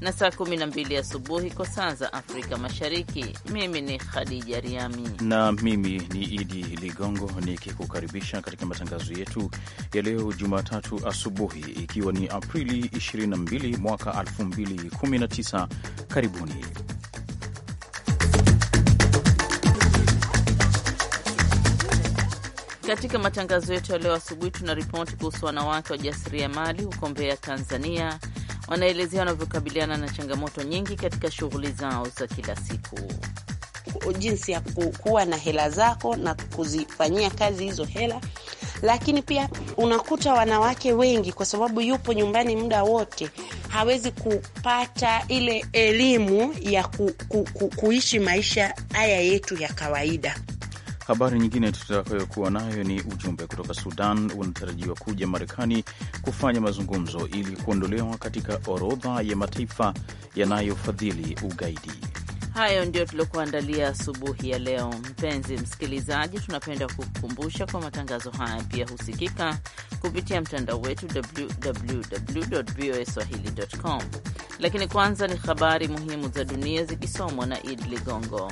na saa 12 asubuhi kwa saa za Afrika Mashariki. Mimi ni Khadija Riami na mimi ni Idi Ligongo nikikukaribisha katika matangazo yetu ya leo Jumatatu asubuhi, ikiwa ni Aprili 22 mwaka 2019. Karibuni Katika matangazo yetu ya leo asubuhi tuna ripoti kuhusu wanawake wajasiriamali huko Mbeya, Tanzania, wanaelezea wanavyokabiliana na changamoto nyingi katika shughuli zao za kila siku jinsi ya kuwa na hela zako na kuzifanyia kazi hizo hela. Lakini pia unakuta wanawake wengi, kwa sababu yupo nyumbani muda wote, hawezi kupata ile elimu ya ku, ku, ku, kuishi maisha haya yetu ya kawaida. Habari nyingine tutakayokuwa nayo ni ujumbe kutoka Sudan unatarajiwa kuja Marekani kufanya mazungumzo ili kuondolewa katika orodha ya mataifa yanayofadhili ugaidi. Hayo ndio tuliokuandalia asubuhi ya leo. Mpenzi msikilizaji, tunapenda kukukumbusha kwa matangazo haya pia husikika kupitia mtandao wetu www voa swahili.com. Lakini kwanza ni habari muhimu za dunia zikisomwa na Id Ligongo.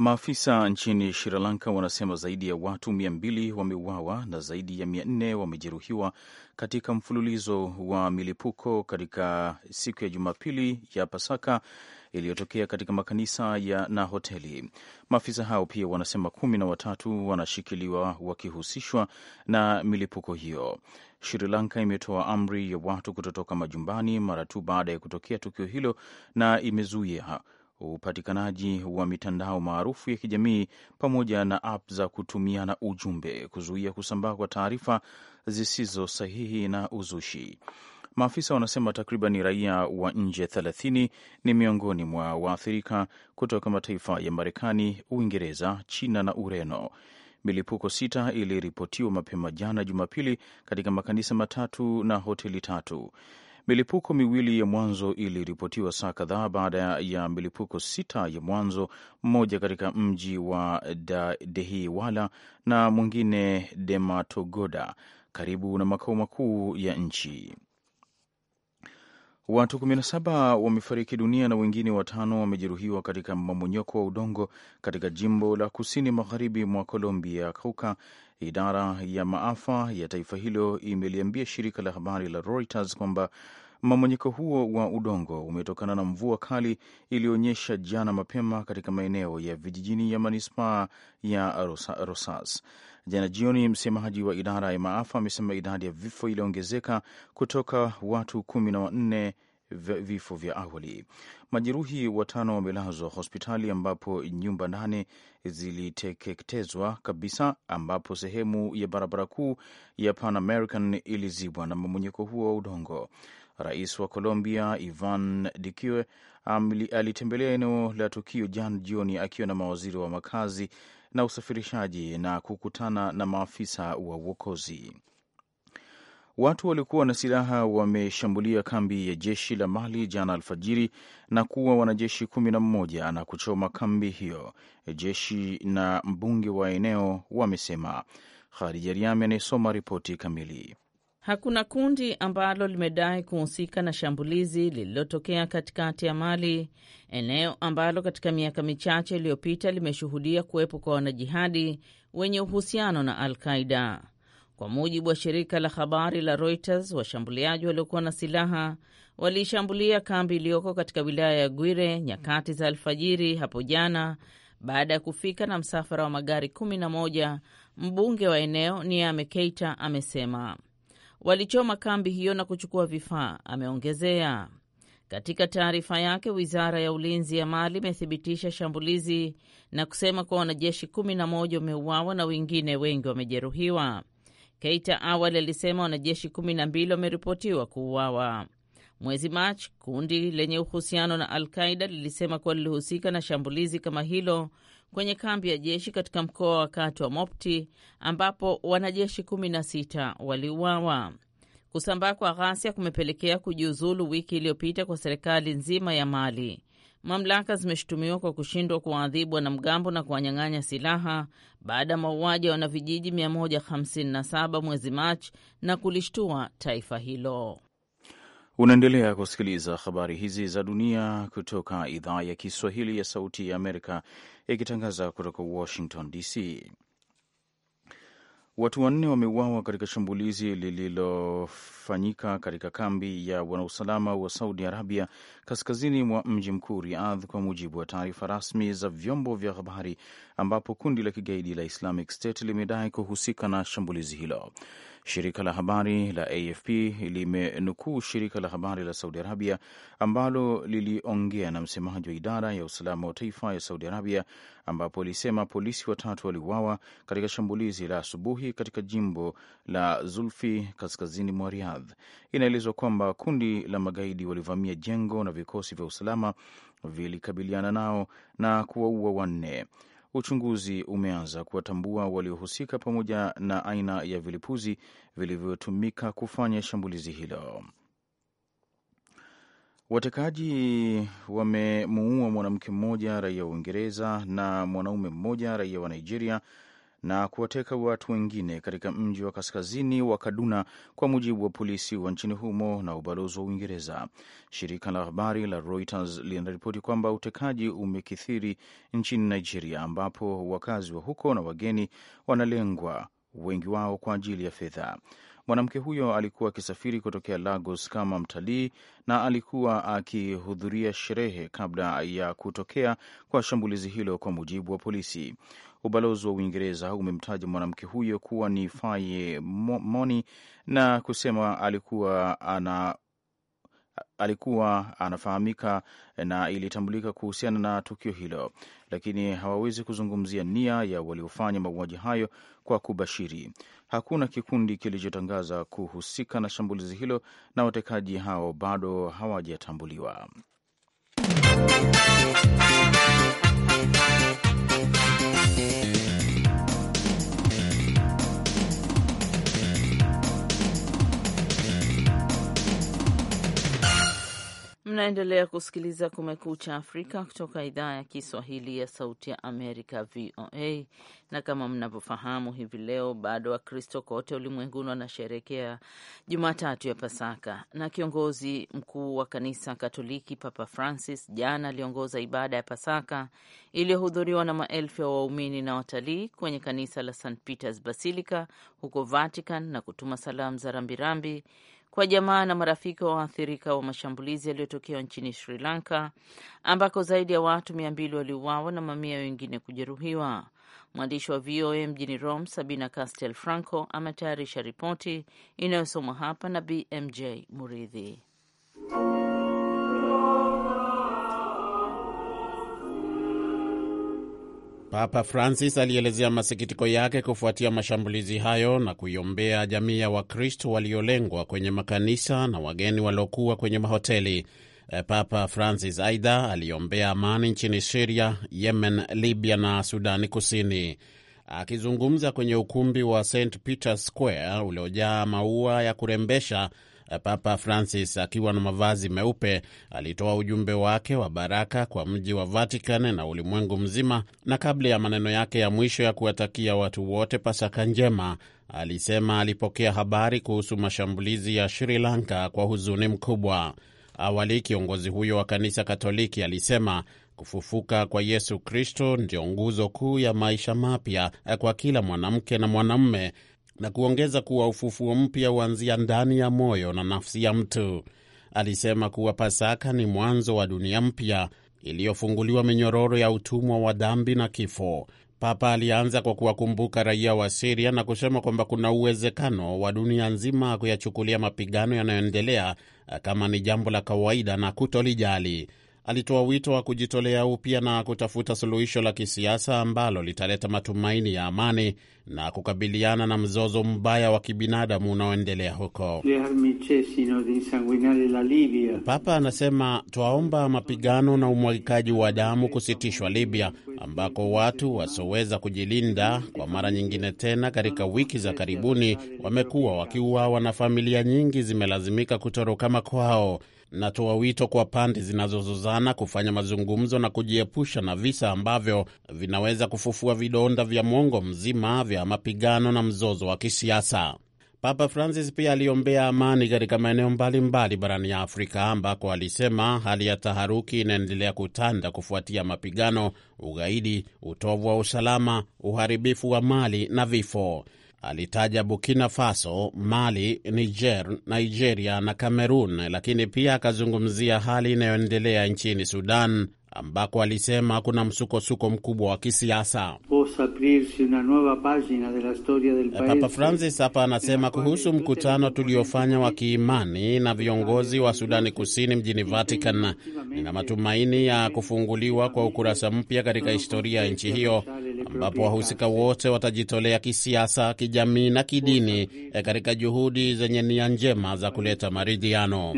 Maafisa nchini Sri Lanka wanasema zaidi ya watu 200 wameuawa na zaidi ya 4 wamejeruhiwa katika mfululizo wa milipuko katika siku ya Jumapili ya Pasaka iliyotokea katika makanisa ya na hoteli. Maafisa hao pia wanasema kumi na watatu wanashikiliwa wakihusishwa na milipuko hiyo. Sri Lanka imetoa amri ya watu kutotoka majumbani mara tu baada ya kutokea tukio hilo na imezuia upatikanaji wa mitandao maarufu ya kijamii pamoja na app za kutumiana ujumbe, kuzuia kusambaa kwa taarifa zisizo sahihi na uzushi. Maafisa wanasema takriban raia wa nje 30 ni miongoni mwa waathirika kutoka mataifa ya Marekani, Uingereza, China na Ureno. Milipuko sita iliripotiwa mapema jana Jumapili katika makanisa matatu na hoteli tatu. Milipuko miwili ya mwanzo iliripotiwa saa kadhaa baada ya milipuko sita ya mwanzo, mmoja katika mji wa dehiwala na mwingine Dematogoda, karibu na makao makuu ya nchi. Watu 17 wamefariki dunia na wengine watano wamejeruhiwa katika mmomonyoko wa udongo katika jimbo la kusini magharibi mwa Colombia, Cauca, Idara ya maafa ya taifa hilo imeliambia shirika la habari la Reuters kwamba mamonyeko huo wa udongo umetokana na mvua kali iliyoonyesha jana mapema katika maeneo ya vijijini ya manispaa ya Rosas. Jana jioni, msemaji wa idara ya maafa amesema idadi ya vifo iliongezeka kutoka watu kumi na wanne vifo vya awali. Majeruhi watano wamelazwa hospitali ambapo nyumba nane ziliteketezwa kabisa, ambapo sehemu ya barabara kuu ya Pan American ilizibwa na mamonyeko huo wa udongo. Rais wa Colombia Ivan Duque alitembelea eneo la tukio jana jioni akiwa na mawaziri wa makazi na usafirishaji na kukutana na maafisa wa uokozi. Watu waliokuwa na silaha wameshambulia kambi ya jeshi la Mali jana alfajiri na kuua wanajeshi kumi na mmoja na kuchoma kambi hiyo, jeshi na mbunge wa eneo wamesema. Khadija Riami anayesoma ripoti kamili. Hakuna kundi ambalo limedai kuhusika na shambulizi lililotokea katikati ya Mali, eneo ambalo katika miaka michache iliyopita limeshuhudia kuwepo kwa wanajihadi wenye uhusiano na Al Qaida. Kwa mujibu wa shirika la habari la Reuters, washambuliaji waliokuwa na silaha waliishambulia kambi iliyoko katika wilaya ya Gwire nyakati za alfajiri hapo jana baada ya kufika na msafara wa magari 11 Mbunge wa eneo Niame Keita amesema walichoma kambi hiyo na kuchukua vifaa. Ameongezea katika taarifa yake, wizara ya ulinzi ya Mali imethibitisha shambulizi na kusema kuwa wanajeshi 11 wameuawa na wengine wengi wamejeruhiwa. Keita awali alisema wanajeshi kumi na mbili wameripotiwa kuuawa. Mwezi Machi, kundi lenye uhusiano na Al Qaida lilisema kuwa lilihusika na shambulizi kama hilo kwenye kambi ya jeshi katika mkoa wakati wa Mopti, ambapo wanajeshi kumi na sita waliuawa. Kusambaa kwa ghasia kumepelekea kujiuzulu wiki iliyopita kwa serikali nzima ya Mali. Mamlaka zimeshutumiwa kwa kushindwa kuwaadhibu wanamgambo na kuwanyang'anya silaha baada ya mauaji ya wanavijiji 157 mwezi Machi na kulishtua taifa hilo. Unaendelea kusikiliza habari hizi za dunia kutoka idhaa ya Kiswahili ya Sauti ya Amerika, ikitangaza kutoka Washington DC. Watu wanne wameuawa katika shambulizi lililofanyika katika kambi ya wanausalama wa Saudi Arabia kaskazini mwa mji mkuu Riadh, kwa mujibu wa taarifa rasmi za vyombo vya habari, ambapo kundi la kigaidi la Islamic State limedai kuhusika na shambulizi hilo. Shirika la habari la AFP limenukuu shirika la habari la Saudi Arabia ambalo liliongea na msemaji wa idara ya usalama wa taifa ya Saudi Arabia, ambapo alisema polisi watatu waliuawa katika shambulizi la asubuhi katika jimbo la Zulfi kaskazini mwa Riyadh. Inaelezwa kwamba kundi la magaidi walivamia jengo na vikosi vya usalama vilikabiliana nao na kuwaua wanne uchunguzi umeanza kuwatambua waliohusika pamoja na aina ya vilipuzi vilivyotumika kufanya shambulizi hilo. Watekaji wamemuua mwanamke mmoja raia wa Uingereza na mwanaume mmoja raia wa Nigeria na kuwateka watu wengine katika mji wa kaskazini wa Kaduna, kwa mujibu wa polisi wa nchini humo na ubalozi wa Uingereza. Shirika la habari la Reuters linaripoti kwamba utekaji umekithiri nchini Nigeria, ambapo wakazi wa huko na wageni wanalengwa, wengi wao kwa ajili ya fedha. Mwanamke huyo alikuwa akisafiri kutokea Lagos kama mtalii na alikuwa akihudhuria sherehe kabla ya kutokea kwa shambulizi hilo, kwa mujibu wa polisi. Ubalozi wa Uingereza umemtaja mwanamke huyo kuwa ni Faye Moni na kusema alikuwa ana alikuwa anafahamika na ilitambulika kuhusiana na tukio hilo, lakini hawawezi kuzungumzia nia ya waliofanya mauaji hayo kwa kubashiri. Hakuna kikundi kilichotangaza kuhusika na shambulizi hilo na watekaji hao bado hawajatambuliwa. Mnaendelea kusikiliza Kumekucha Afrika kutoka idhaa ya Kiswahili ya Sauti ya Amerika, VOA. Na kama mnavyofahamu, hivi leo bado Wakristo kote ulimwenguni wanasherekea Jumatatu ya Pasaka, na kiongozi mkuu wa kanisa Katoliki Papa Francis jana aliongoza ibada ya Pasaka iliyohudhuriwa na maelfu ya waumini na watalii kwenye kanisa la St Peters Basilica huko Vatican na kutuma salamu za rambirambi kwa jamaa na marafiki wa waathirika wa mashambulizi yaliyotokea nchini Sri Lanka ambako zaidi ya watu mia mbili waliuawa na mamia wengine kujeruhiwa. Mwandishi wa VOA mjini Rome, Sabina Castel Franco ametayarisha ripoti inayosomwa hapa na BMJ Muridhi. Papa Francis alielezea masikitiko yake kufuatia mashambulizi hayo na kuiombea jamii ya Wakristo waliolengwa kwenye makanisa na wageni waliokuwa kwenye mahoteli. Eh, Papa Francis aidha aliombea amani nchini Siria, Yemen, Libya na Sudani Kusini. Akizungumza kwenye ukumbi wa St peter Square uliojaa maua ya kurembesha Eh, Papa Francis akiwa na mavazi meupe alitoa ujumbe wake wa baraka kwa mji wa Vatican na ulimwengu mzima, na kabla ya maneno yake ya mwisho ya kuwatakia watu wote Pasaka njema, alisema alipokea habari kuhusu mashambulizi ya Sri Lanka kwa huzuni mkubwa. Awali kiongozi huyo wa kanisa Katoliki alisema kufufuka kwa Yesu Kristo ndio nguzo kuu ya maisha mapya eh, kwa kila mwanamke na mwanamme na kuongeza kuwa ufufuo mpya huanzia ndani ya moyo na nafsi ya mtu. Alisema kuwa Pasaka ni mwanzo wa dunia mpya iliyofunguliwa minyororo ya utumwa wa dhambi na kifo. Papa alianza kwa kuwakumbuka raia wa Siria na kusema kwamba kuna uwezekano wa dunia nzima kuyachukulia mapigano yanayoendelea kama ni jambo la kawaida na kutolijali alitoa wito wa kujitolea upya na kutafuta suluhisho la kisiasa ambalo litaleta matumaini ya amani na kukabiliana na mzozo mbaya wa kibinadamu unaoendelea huko. Papa anasema, twaomba mapigano na umwagikaji wa damu kusitishwa Libya, ambako watu wasioweza kujilinda kwa mara nyingine tena katika wiki za karibuni wamekuwa wakiuawa na familia nyingi zimelazimika kutoroka makwao natoa wito kwa pande zinazozozana kufanya mazungumzo na kujiepusha na visa ambavyo vinaweza kufufua vidonda vya mwongo mzima vya mapigano na mzozo wa kisiasa. Papa Francis pia aliombea amani katika maeneo mbalimbali barani ya Afrika ambako alisema hali ya taharuki inaendelea kutanda kufuatia mapigano, ugaidi, utovu wa usalama, uharibifu wa mali na vifo. Alitaja Burkina Faso, Mali, Niger, Nigeria na cameron lakini pia akazungumzia hali inayoendelea nchini Sudan ambako alisema kuna msukosuko mkubwa wa kisiasa. Papa Francis hapa anasema kuhusu mkutano tuliofanya wa kiimani na viongozi wa Sudani Kusini mjini Vatican, nina matumaini ya kufunguliwa kwa ukurasa mpya katika historia ya nchi hiyo ambapo wahusika wote watajitolea kisiasa, kijamii na kidini e, katika juhudi zenye nia njema za kuleta maridhiano.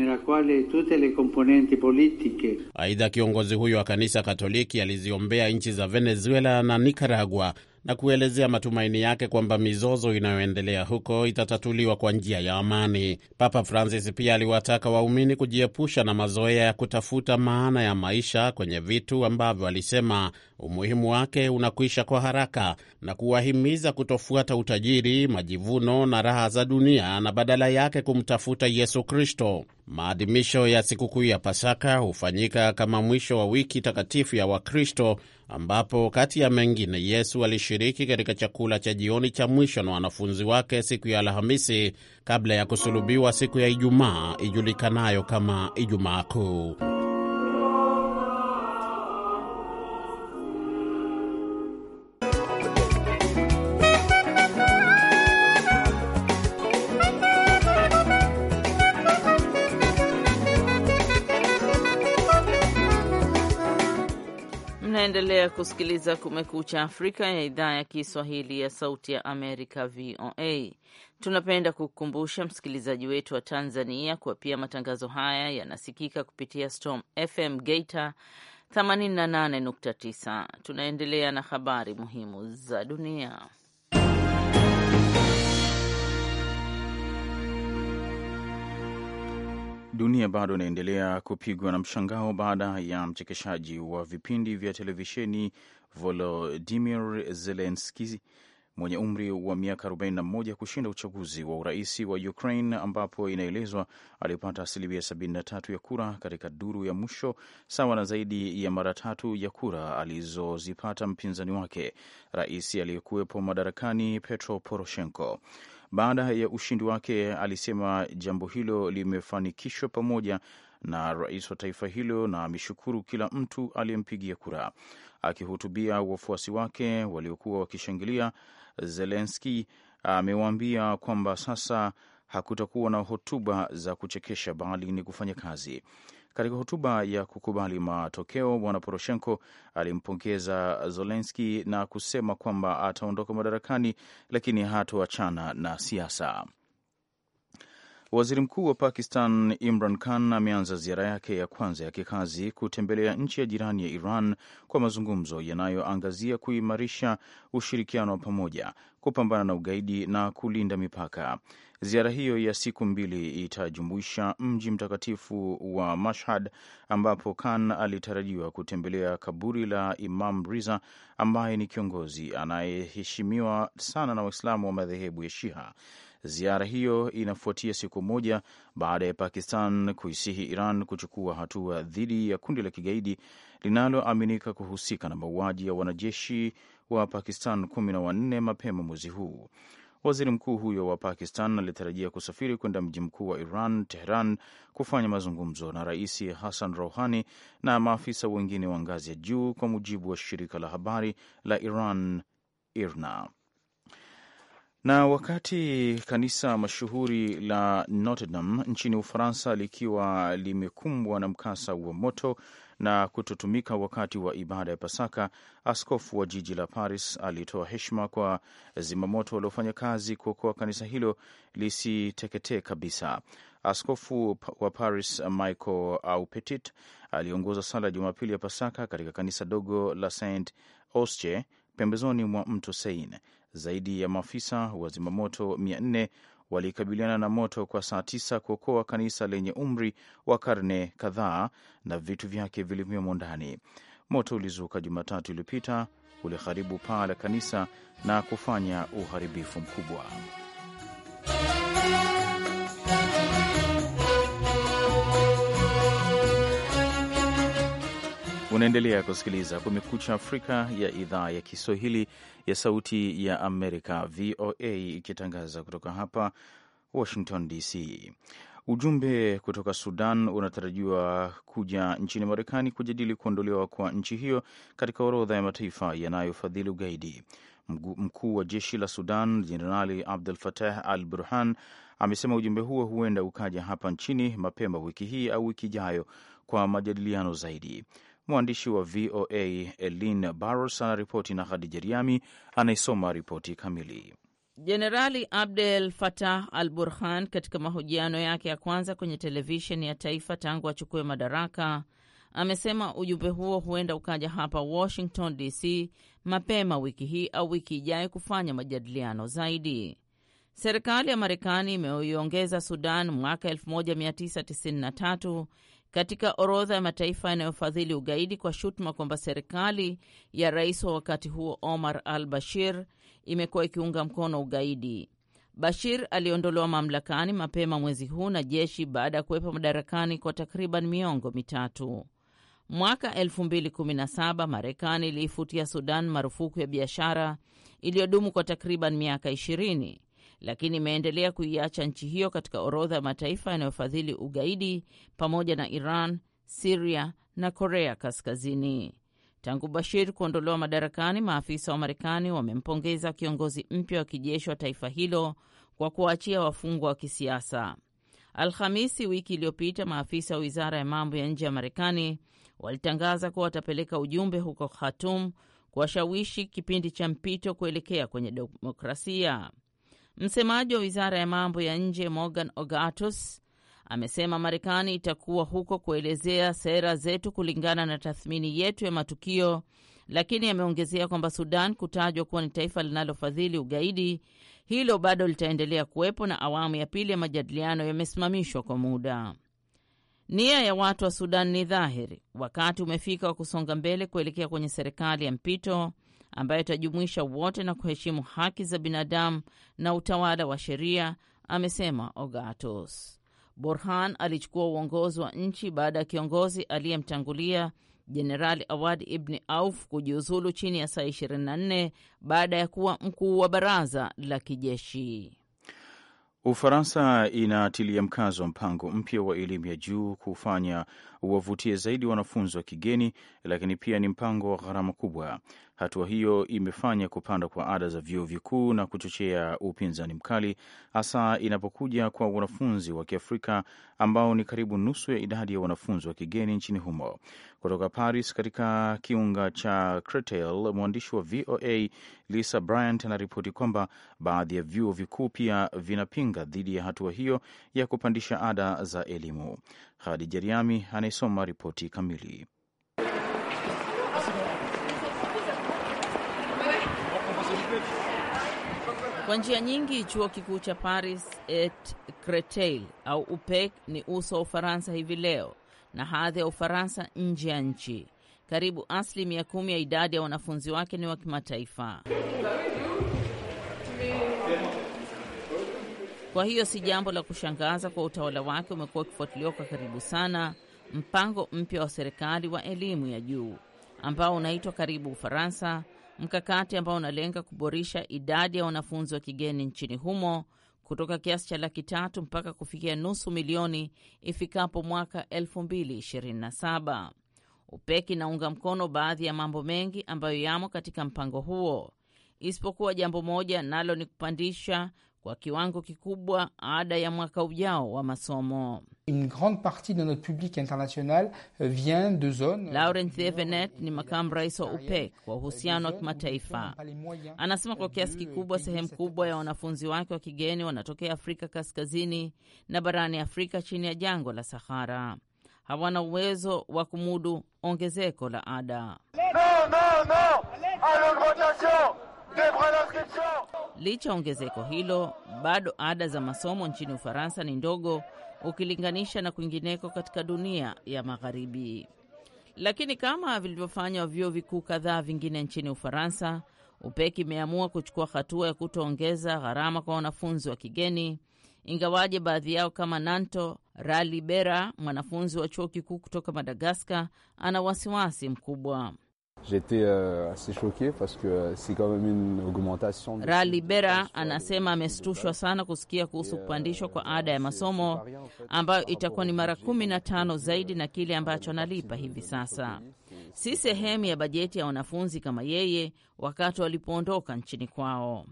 Aidha, kiongozi huyo wa kanisa Katoliki aliziombea nchi za Venezuela na Nicaragua na kuelezea matumaini yake kwamba mizozo inayoendelea huko itatatuliwa kwa njia ya amani. Papa Francis pia aliwataka waumini kujiepusha na mazoea ya kutafuta maana ya maisha kwenye vitu ambavyo alisema umuhimu wake unakwisha kwa haraka, na kuwahimiza kutofuata utajiri, majivuno na raha za dunia, na badala yake kumtafuta Yesu Kristo. Maadhimisho ya sikukuu ya Pasaka hufanyika kama mwisho wa wiki takatifu ya Wakristo, ambapo kati ya mengine Yesu alishiriki katika chakula cha jioni cha mwisho na wanafunzi wake siku ya Alhamisi kabla ya kusulubiwa siku ya Ijumaa ijulikanayo kama Ijumaa Kuu. Unaendelea kusikiliza Kumekucha Afrika ya idhaa ya Kiswahili ya Sauti ya Amerika, VOA. Tunapenda kukukumbusha msikilizaji wetu wa Tanzania kuwa pia matangazo haya yanasikika kupitia Storm FM Geita 88.9. Tunaendelea na habari muhimu za dunia. Dunia bado inaendelea kupigwa na mshangao baada ya mchekeshaji wa vipindi vya televisheni volodimir zelenski mwenye umri wa miaka 41 kushinda uchaguzi wa urais wa Ukraine ambapo inaelezwa alipata asilimia 73 ya kura katika duru ya mwisho, sawa na zaidi ya mara tatu ya kura alizozipata mpinzani wake, rais aliyekuwepo madarakani Petro Poroshenko. Baada ya ushindi wake, alisema jambo hilo limefanikishwa pamoja na rais wa taifa hilo na ameshukuru kila mtu aliyempigia kura. Akihutubia wafuasi wake waliokuwa wakishangilia, Zelenski amewaambia kwamba sasa hakutakuwa na hotuba za kuchekesha, bali ni kufanya kazi. Katika hotuba ya kukubali matokeo, Bwana Poroshenko alimpongeza Zelenski na kusema kwamba ataondoka madarakani, lakini hatoachana na siasa. Waziri Mkuu wa Pakistan Imran Khan ameanza ziara yake ya kwanza ya kikazi kutembelea nchi ya jirani ya Iran kwa mazungumzo yanayoangazia kuimarisha ushirikiano wa pamoja, kupambana na ugaidi na kulinda mipaka. Ziara hiyo ya siku mbili itajumuisha mji mtakatifu wa Mashhad, ambapo Khan alitarajiwa kutembelea kaburi la Imam Riza ambaye ni kiongozi anayeheshimiwa sana na Waislamu wa madhehebu ya shiha Ziara hiyo inafuatia siku moja baada ya Pakistan kuisihi Iran kuchukua hatua dhidi ya kundi la kigaidi linaloaminika kuhusika na mauaji ya wanajeshi wa Pakistan kumi na wanne mapema mwezi huu. Waziri mkuu huyo wa Pakistan alitarajia kusafiri kwenda mji mkuu wa Iran, Tehran, kufanya mazungumzo na Rais Hassan Rouhani na maafisa wengine wa ngazi ya juu, kwa mujibu wa shirika la habari la Iran IRNA. Na wakati kanisa mashuhuri la Notre Dame nchini Ufaransa likiwa limekumbwa na mkasa wa moto na kutotumika wakati wa ibada ya Pasaka, askofu wa jiji la Paris alitoa heshima kwa zimamoto waliofanya kazi kuokoa kanisa hilo lisiteketee kabisa. Askofu wa Paris Michael Aupetit aliongoza sala ya Jumapili ya Pasaka katika kanisa dogo la Saint Osche pembezoni mwa mto Seine zaidi ya maafisa wa zimamoto 400 walikabiliana na moto kwa saa tisa kuokoa kanisa lenye umri wa karne kadhaa na vitu vyake vilivyomo ndani. Moto ulizuka Jumatatu iliyopita uliharibu paa la kanisa na kufanya uharibifu mkubwa. Unaendelea kusikiliza Kumekucha Afrika ya idhaa ya Kiswahili ya Sauti ya Amerika, VOA, ikitangaza kutoka hapa Washington DC. Ujumbe kutoka Sudan unatarajiwa kuja nchini Marekani kujadili kuondolewa kwa nchi hiyo katika orodha ya mataifa yanayofadhili ugaidi. Mkuu wa jeshi la Sudan Jenerali Abdul Fatah Al Burhan amesema ujumbe huo huenda ukaja hapa nchini mapema wiki hii au wiki ijayo kwa majadiliano zaidi. Mwandishi wa VOA Elin Barros anaripoti na hadija Riami anaisoma ripoti kamili. Jenerali Abdel fatah al Burhan, katika mahojiano yake ya kwanza kwenye televisheni ya taifa tangu achukue madaraka, amesema ujumbe huo huenda ukaja hapa Washington DC mapema wiki hii au wiki ijayo kufanya majadiliano zaidi. Serikali ya Marekani imeiongeza Sudan mwaka 1993 katika orodha ya mataifa yanayofadhili ugaidi kwa shutuma kwamba serikali ya rais wa wakati huo Omar al Bashir imekuwa ikiunga mkono ugaidi. Bashir aliondolewa mamlakani mapema mwezi huu na jeshi baada ya kuwepo madarakani kwa takriban miongo mitatu. Mwaka 2017 Marekani iliifutia Sudan marufuku ya biashara iliyodumu kwa takriban miaka 20 lakini imeendelea kuiacha nchi hiyo katika orodha ya mataifa yanayofadhili ugaidi pamoja na Iran, Siria na Korea Kaskazini. Tangu Bashir kuondolewa madarakani, maafisa wa Marekani wamempongeza kiongozi mpya wa kijeshi wa taifa hilo kwa kuwaachia wafungwa wa kisiasa. Alhamisi wiki iliyopita, maafisa wa wizara ya mambo ya nje ya Marekani walitangaza kuwa watapeleka ujumbe huko Khartoum kuwashawishi kipindi cha mpito kuelekea kwenye demokrasia. Msemaji wa wizara ya mambo ya nje Morgan Ogatus amesema Marekani itakuwa huko kuelezea sera zetu kulingana na tathmini yetu ya matukio, lakini ameongezea kwamba Sudan kutajwa kuwa ni taifa linalofadhili ugaidi, hilo bado litaendelea kuwepo na awamu ya pili ya majadiliano yamesimamishwa kwa muda. Nia ya watu wa Sudan ni dhahiri, wakati umefika wa kusonga mbele kuelekea kwenye serikali ya mpito ambayo itajumuisha wote na kuheshimu haki za binadamu na utawala wa sheria, amesema Ogatos. Borhan alichukua uongozi wa nchi baada ya kiongozi aliyemtangulia Jenerali Awad Ibni Auf kujiuzulu chini ya saa 24 baada ya kuwa mkuu wa baraza la kijeshi. Ufaransa inatilia mkazo mpango mpya wa elimu ya juu kufanya wavutie zaidi wanafunzi wa kigeni, lakini pia ni mpango wa gharama kubwa. Hatua hiyo imefanya kupanda kwa ada za vyuo vikuu na kuchochea upinzani mkali, hasa inapokuja kwa wanafunzi wa Kiafrika ambao ni karibu nusu ya idadi ya wanafunzi wa kigeni nchini humo. Kutoka Paris, katika kiunga cha Creteil, mwandishi wa VOA Lisa Bryant anaripoti kwamba baadhi ya vyuo vikuu pia vinapinga dhidi ya hatua hiyo ya kupandisha ada za elimu. Khadija Riami anayesoma ripoti kamili. Kwa njia nyingi chuo kikuu cha Paris et Creteil au UPEC ni uso wa Ufaransa hivi leo na hadhi ya Ufaransa nje ya nchi. Karibu asilimia kumi ya idadi ya wanafunzi wake ni wa kimataifa. Kwa hiyo si jambo la kushangaza kwa utawala wake umekuwa ukifuatiliwa kwa karibu sana mpango mpya wa serikali wa elimu ya juu ambao unaitwa Karibu Ufaransa, mkakati ambao unalenga kuboresha idadi ya wanafunzi wa kigeni nchini humo kutoka kiasi cha laki tatu mpaka kufikia nusu milioni ifikapo mwaka 2027. UPEC inaunga mkono baadhi ya mambo mengi ambayo yamo katika mpango huo isipokuwa jambo moja, nalo ni kupandisha kwa kiwango kikubwa ada ya mwaka ujao wa masomo. Une grande partie de notre public international euh, vient de zone. Euh, Laurent Evenet ni euh, makamu rais wa UPEC wa uhusiano wa kimataifa, anasema kwa kiasi kikubwa sehemu kubwa ya wanafunzi wake wa kigeni wanatokea Afrika kaskazini na barani Afrika chini ya jangwa la Sahara hawana uwezo wa kumudu ongezeko la ada. No, no, no. Licha ya ongezeko hilo, bado ada za masomo nchini Ufaransa ni ndogo ukilinganisha na kwingineko katika dunia ya Magharibi. Lakini kama vilivyofanya vyuo vikuu kadhaa vingine nchini Ufaransa, UPEC imeamua kuchukua hatua ya kutoongeza gharama kwa wanafunzi wa kigeni, ingawaje baadhi yao kama Nanto Ralibera, mwanafunzi wa chuo kikuu kutoka Madagaskar, ana wasiwasi mkubwa. J'étais euh, assez choqué parce que c'est quand même une augmentation. Ralibera anasema ameshtushwa sana kusikia kuhusu euh, kupandishwa kwa ada ya masomo ambayo itakuwa ni mara kumi na tano zaidi euh, na kile ambacho analipa hivi sasa. Si sehemu ya bajeti ya wanafunzi kama yeye wakati walipoondoka nchini kwao.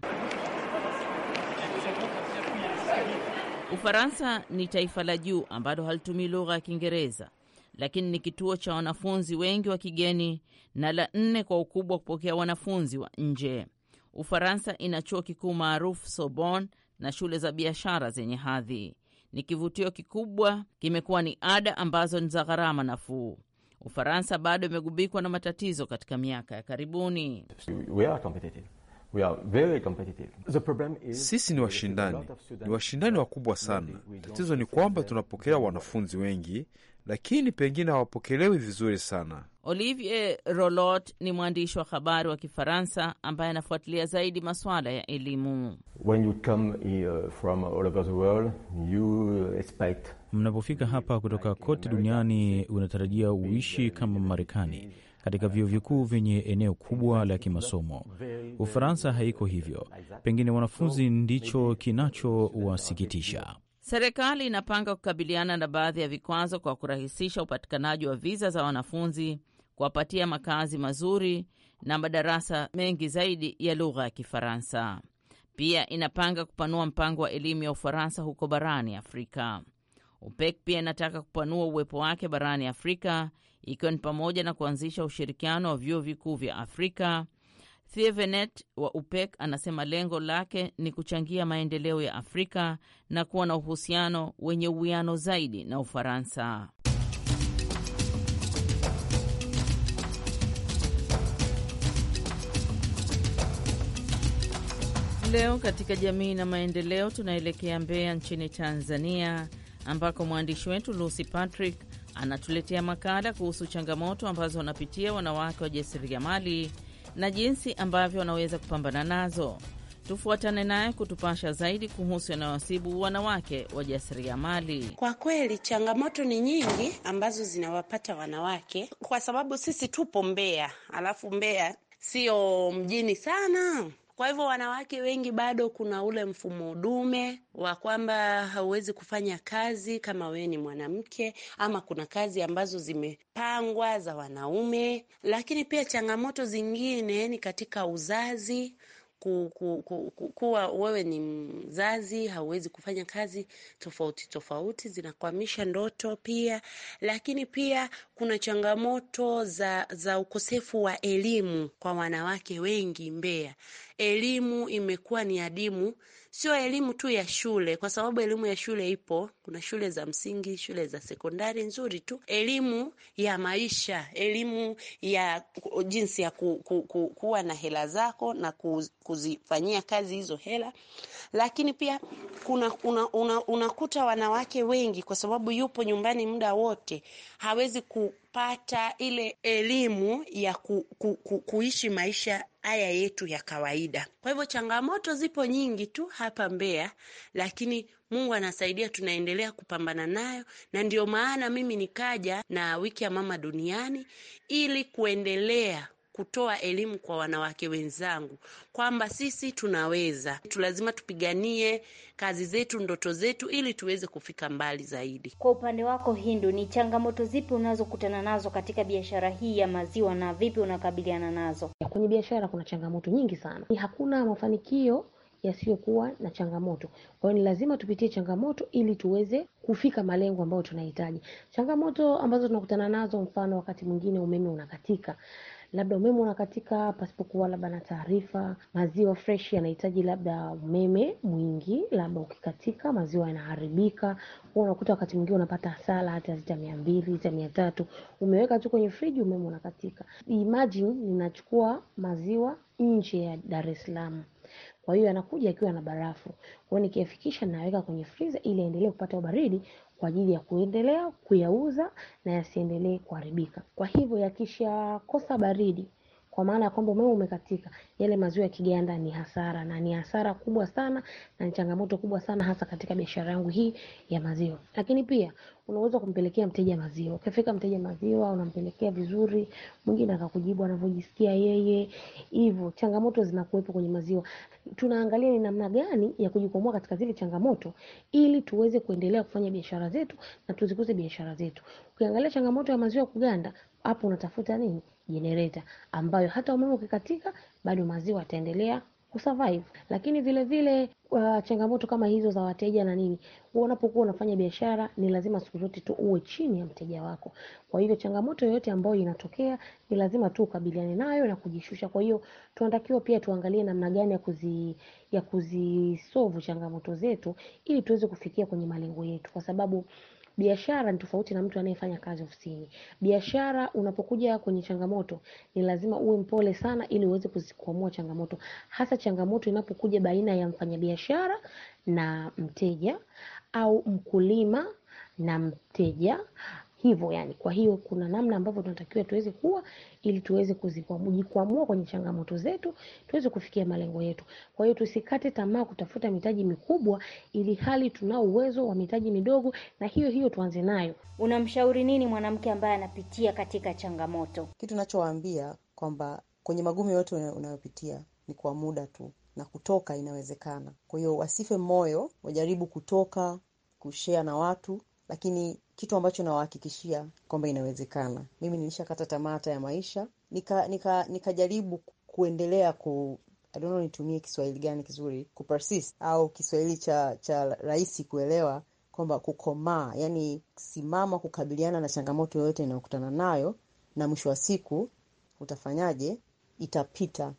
Ufaransa ni taifa la juu ambalo halitumii lugha ya Kiingereza lakini ni kituo cha wanafunzi wengi wa kigeni na la nne kwa ukubwa kupokea wanafunzi wa nje. Ufaransa ina chuo kikuu maarufu Sorbonne na shule za biashara zenye hadhi. Ni kivutio kikubwa, kimekuwa ni ada ambazo ni za gharama nafuu. Ufaransa bado imegubikwa na matatizo katika miaka ya karibuni. We are competitive. We are very competitive. The problem is, sisi ni washindani, ni washindani wakubwa sana. Tatizo ni kwamba tunapokea wanafunzi wengi lakini pengine hawapokelewi vizuri sana. Olivier Rolot ni mwandishi wa habari wa Kifaransa ambaye anafuatilia zaidi masuala ya elimu. Mnapofika hapa kutoka kote duniani, unatarajia uishi kama Marekani katika vyuo vikuu vyenye eneo kubwa la kimasomo. Ufaransa haiko hivyo, pengine wanafunzi ndicho kinachowasikitisha. Serikali inapanga kukabiliana na baadhi ya vikwazo kwa kurahisisha upatikanaji wa viza za wanafunzi, kuwapatia makazi mazuri na madarasa mengi zaidi ya lugha ya Kifaransa. Pia inapanga kupanua mpango wa elimu ya Ufaransa huko barani Afrika. upec pia inataka kupanua uwepo wake barani Afrika, ikiwa ni pamoja na kuanzisha ushirikiano wa vyuo vikuu vya Afrika Thievenet wa UPEC anasema lengo lake ni kuchangia maendeleo ya Afrika na kuwa na uhusiano wenye uwiano zaidi na Ufaransa. Leo katika jamii na maendeleo tunaelekea Mbeya nchini Tanzania, ambako mwandishi wetu Lucy Patrick anatuletea makala kuhusu changamoto ambazo wanapitia wanawake wajasiriamali mali na jinsi ambavyo wanaweza kupambana nazo. Tufuatane naye kutupasha zaidi kuhusu yanayowasibu wanawake wajasiriamali. Kwa kweli changamoto ni nyingi ambazo zinawapata wanawake, kwa sababu sisi tupo Mbeya, alafu Mbeya sio mjini sana, kwa hivyo wanawake wengi bado kuna ule mfumo dume wa kwamba hauwezi kufanya kazi kama wewe ni mwanamke, ama kuna kazi ambazo zimepangwa za wanaume. Lakini pia changamoto zingine ni katika uzazi, ku, ku, ku, ku, kuwa wewe ni mzazi, hauwezi kufanya kazi tofauti tofauti, zinakwamisha ndoto pia. Lakini pia kuna changamoto za, za ukosefu wa elimu kwa wanawake wengi Mbeya. Elimu imekuwa ni adimu sio elimu tu ya shule, kwa sababu elimu ya shule ipo, kuna shule za msingi, shule za sekondari nzuri tu, elimu ya maisha, elimu ya jinsi ya ku, ku, ku, kuwa na hela zako na kuzifanyia kazi hizo hela. Lakini pia kuna unakuta una, una wanawake wengi, kwa sababu yupo nyumbani muda wote hawezi ku, kupata ile elimu ya ku, ku, ku, kuishi maisha haya yetu ya kawaida. Kwa hivyo changamoto zipo nyingi tu hapa Mbeya, lakini Mungu anasaidia, tunaendelea kupambana nayo, na ndio maana mimi nikaja na wiki ya mama duniani ili kuendelea kutoa elimu kwa wanawake wenzangu kwamba sisi tunaweza, lazima tupiganie kazi zetu, ndoto zetu, ili tuweze kufika mbali zaidi. Kwa upande wako, Hindu, ni changamoto zipi unazokutana nazo katika biashara hii ya maziwa na vipi unakabiliana nazo? Kwenye biashara kuna changamoto nyingi sana, hakuna mafanikio yasiyokuwa na changamoto. Kwa hiyo ni lazima tupitie changamoto ili tuweze kufika malengo ambayo tunahitaji. Changamoto ambazo tunakutana nazo, mfano wakati mwingine umeme unakatika labda umeme unakatika pasipokuwa labda na taarifa. Maziwa fresh yanahitaji labda umeme mwingi, labda ukikatika maziwa yanaharibika. Huwa unakuta wakati mwingine unapata hasara hata zita mia mbili zita mia tatu umeweka tu kwenye friji, umeme unakatika. Imagine ninachukua maziwa nje ya Dar es Salaam kwa hiyo anakuja akiwa na barafu. kwao nikiafikisha naweka kwenye friza ili aendelee kupata ubaridi kwa ajili ya kuendelea kuyauza na yasiendelee kuharibika. Kwa hivyo yakishakosa baridi kwa maana ya kwamba umeme umekatika, yale maziwa yakiganda ni hasara na ni hasara kubwa sana na ni changamoto kubwa sana hasa katika biashara yangu hii ya maziwa. Lakini pia unaweza kumpelekea mteja maziwa. Ukifika mteja maziwa unampelekea vizuri, mwingine akakujibu anavyojisikia yeye. Hivyo changamoto zinakuwepo kwenye maziwa. Tunaangalia ni namna gani ya kujikomboa katika zile changamoto ili tuweze kuendelea kufanya biashara zetu na tuzikuze biashara zetu. Ukiangalia changamoto ya maziwa kuganda, hapo unatafuta nini? Jenereta ambayo hata umeme ukikatika bado maziwa yataendelea kusurvive. Lakini vile vile uh, changamoto kama hizo za wateja na nini, unapokuwa unafanya biashara ni lazima siku zote tu uwe chini ya mteja wako. Kwa hivyo changamoto yoyote ambayo inatokea ni lazima tu ukabiliane nayo na kujishusha. Kwa hiyo tunatakiwa pia tuangalie namna gani ya kuzi ya changamoto zetu ili tuweze kufikia kwenye malengo yetu, kwa sababu Biashara ni tofauti na mtu anayefanya kazi ofisini. Biashara unapokuja kwenye changamoto, ni lazima uwe mpole sana ili uweze kuzikwamua changamoto, hasa changamoto inapokuja baina ya mfanyabiashara na mteja au mkulima na mteja hivyo yani. Kwa hiyo kuna namna ambavyo tunatakiwa tuweze kuwa ili tuweze kujikwamua kwenye changamoto zetu, tuweze kufikia malengo yetu. Kwa hiyo tusikate tamaa kutafuta mitaji mikubwa, ili hali tuna uwezo wa mitaji midogo, na hiyo hiyo tuanze nayo. Unamshauri nini mwanamke ambaye anapitia katika changamoto? Kitu nachowaambia kwamba kwenye magumu yote unayopitia ni kwa muda tu na kutoka inawezekana. Kwa hiyo wasife moyo, wajaribu kutoka kushea na watu, lakini kitu ambacho nawahakikishia kwamba inawezekana. Mimi nilishakata tamaa hata ya maisha, nikajaribu nika, nika kuendelea ku I don't know nitumie Kiswahili gani kizuri, kupersist au Kiswahili cha, cha rahisi kuelewa kwamba kukomaa, yani simama kukabiliana na changamoto yoyote inayokutana nayo, na mwisho wa siku utafanyaje? Itapita.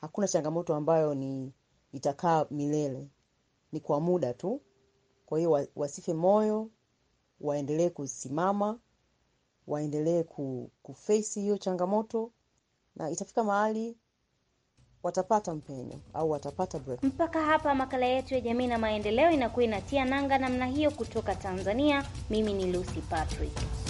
Hakuna changamoto ambayo ni itakaa milele, ni kwa muda tu. Kwa hiyo wasife moyo, waendelee kusimama, waendelee kuface hiyo changamoto na itafika mahali watapata mpenyo au watapata break. Mpaka hapa makala yetu ya jamii na maendeleo inakuwa inatia nanga namna hiyo. Kutoka Tanzania, mimi ni Lucy Patrick.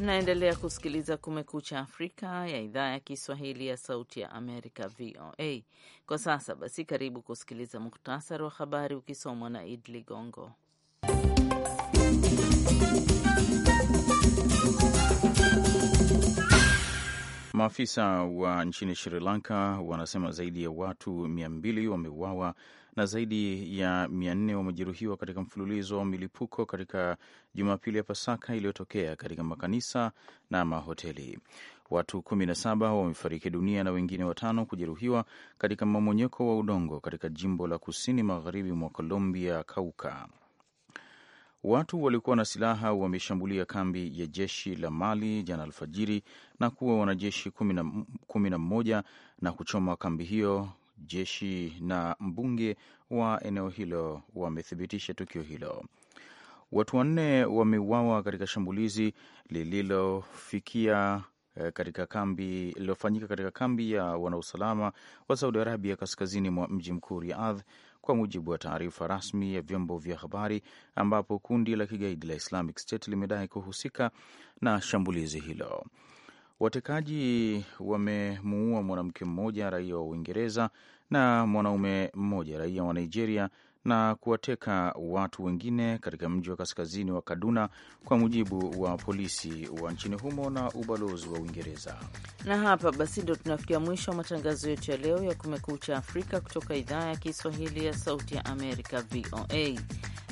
Mnaendelea kusikiliza Kumekucha Afrika ya idhaa ya Kiswahili ya Sauti ya Amerika, VOA. Kwa sasa basi, karibu kusikiliza muhtasari wa habari ukisomwa na Id Ligongo. Maafisa wa nchini Sri Lanka wanasema zaidi ya watu mia mbili wameuawa na zaidi ya mia nne wamejeruhiwa katika mfululizo wa milipuko katika Jumapili ya Pasaka iliyotokea katika makanisa na mahoteli. Watu kumi na saba wamefariki dunia na wengine watano kujeruhiwa katika mamonyeko wa udongo katika jimbo la kusini magharibi mwa Colombia, kauka Watu waliokuwa na silaha wameshambulia kambi ya jeshi la Mali jana alfajiri na kuwa wanajeshi kumi na mmoja na kuchoma kambi hiyo. Jeshi na mbunge wa eneo hilo wamethibitisha tukio hilo. Watu wanne wameuawa katika shambulizi lililofikia eh, katika kambi lililofanyika katika kambi ya wanausalama wa Saudi Arabia kaskazini mwa mji mkuu riadh kwa mujibu wa taarifa rasmi ya vyombo vya habari, ambapo kundi la kigaidi la Islamic State limedai kuhusika na shambulizi hilo. Watekaji wamemuua mwanamke mmoja raia wa Uingereza na mwanaume mmoja raia wa Nigeria na kuwateka watu wengine katika mji wa kaskazini wa Kaduna, kwa mujibu wa polisi wa nchini humo na ubalozi wa Uingereza. Na hapa basi ndo tunafikia mwisho wa matangazo yetu ya leo ya Kumekucha Afrika kutoka idhaa ya Kiswahili ya Sauti ya Amerika, VOA.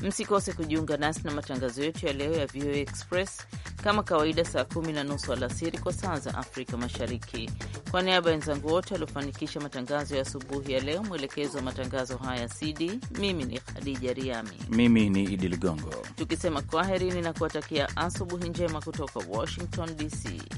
Msikose kujiunga nasi na matangazo yetu ya leo ya VOA Express kama kawaida, saa kumi na nusu alasiri kwa saa za Afrika Mashariki. Kwa niaba ya wenzangu wote waliofanikisha matangazo ya asubuhi ya leo, mwelekezo wa matangazo haya CD, mimi ni Khadija Riami, mimi ni Idi Ligongo, tukisema kwaherini na kuwatakia asubuhi njema kutoka Washington DC.